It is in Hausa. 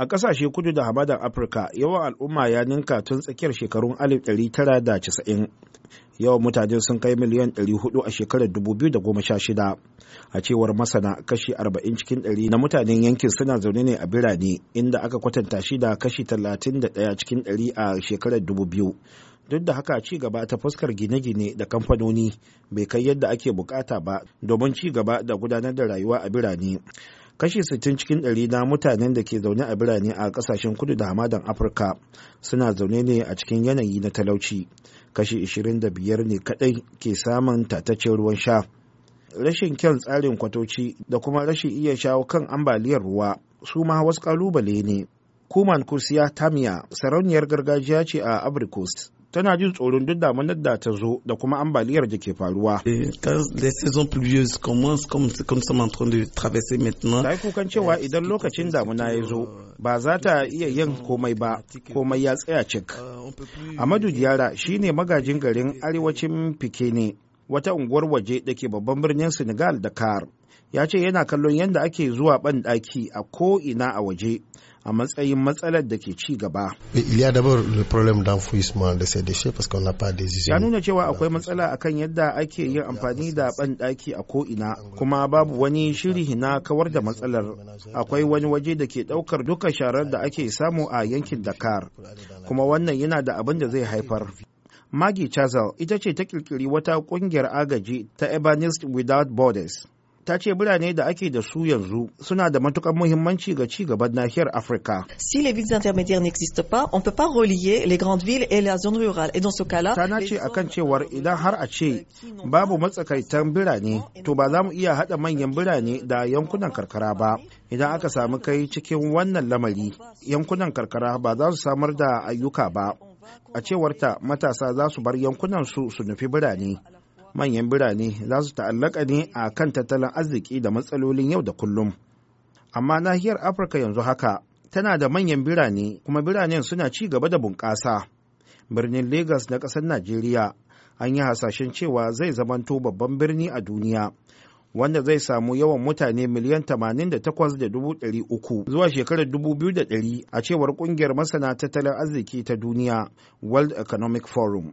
a ƙasashe kudu da hamadar afirka yawan al'umma ya ninka tun tsakiyar shekarun 1990 yawan mutane sun kai miliyan 400 a shekarar 2016 a cewar masana kashi 40 cikin 100 na mutanen yankin suna zaune ne a birane inda aka kwatanta shi da kashi 31 cikin 100 a shekarar 2000 duk da haka ci gaba ta fuskar gine-gine da kamfanoni bai kai yadda ake bukata ba domin ci gaba da gudanar da rayuwa a birane kashi 60 cikin ɗari na mutanen da ke zaune a birane a kasashen kudu da hamadan afirka suna zaune ne a cikin yanayi na talauci kashi 25 ne kadai ke samun tataccen ruwan sha rashin kyan tsarin kwatoci da kuma rashin iya shawo kan ambaliyar ruwa su ma wasu kalubale ne kuman kusiya tamiya sarauniyar gargajiya ce a abrikos tana jin tsoron duk damunar da ta zo da kuma ambaliyar da ke faruwa. Ta yi kukan cewa euh, idan lokacin damuna ya zo ba za ta iya yin komai ba komai ya tsaya cik. Euh, Amadu Diyara ne magajin garin arewacin Pikini wata unguwar waje da ke babban birnin Senegal Dakar. Ya ce yana kallon yadda ake zuwa ban a ko ina a waje a matsayin matsalar da ke ci gaba. Ya nuna cewa akwai matsala a kan yadda ake yin amfani da banɗaki a ko'ina kuma babu wani shiri na kawar da matsalar. Akwai wani waje da ke ɗaukar duka sharar da ake samu a yankin Dakar, kuma wannan yana da abin da zai haifar. Maggie Chazal ita ce ta ƙirƙiri wata ƙungiyar agaji ta Ebanist Without Borders. ta ce birane da ake da su yanzu suna da matukar muhimmanci ga ci gaban nahiyar Afirka. Si les villes intermédiaires n'existent pas, on peut pas relier les grandes villes et la zone rurale. Et dans ce cas-là, ta nace akan cewar idan har a ce babu matsakaitan birane, to ba za mu iya hada manyan birane da yankunan karkara ba. Idan aka samu kai cikin wannan lamari, yankunan karkara ba za su samar da ayyuka ba. A cewarta matasa za su bar yankunan su su nufi birane. manyan birane za su ta'allaka ne a kan tattalin arziki da matsalolin yau da kullum amma nahiyar afirka yanzu haka tana da manyan birane kuma biranen suna ci gaba da bunƙasa birnin Legas na ƙasar najeriya an yi hasashen cewa zai zamanto babban birni a duniya wanda zai samu yawan mutane miliyan da uku zuwa shekarar da ɗari a cewar ƙungiyar masana tattalin arziki ta duniya world economic forum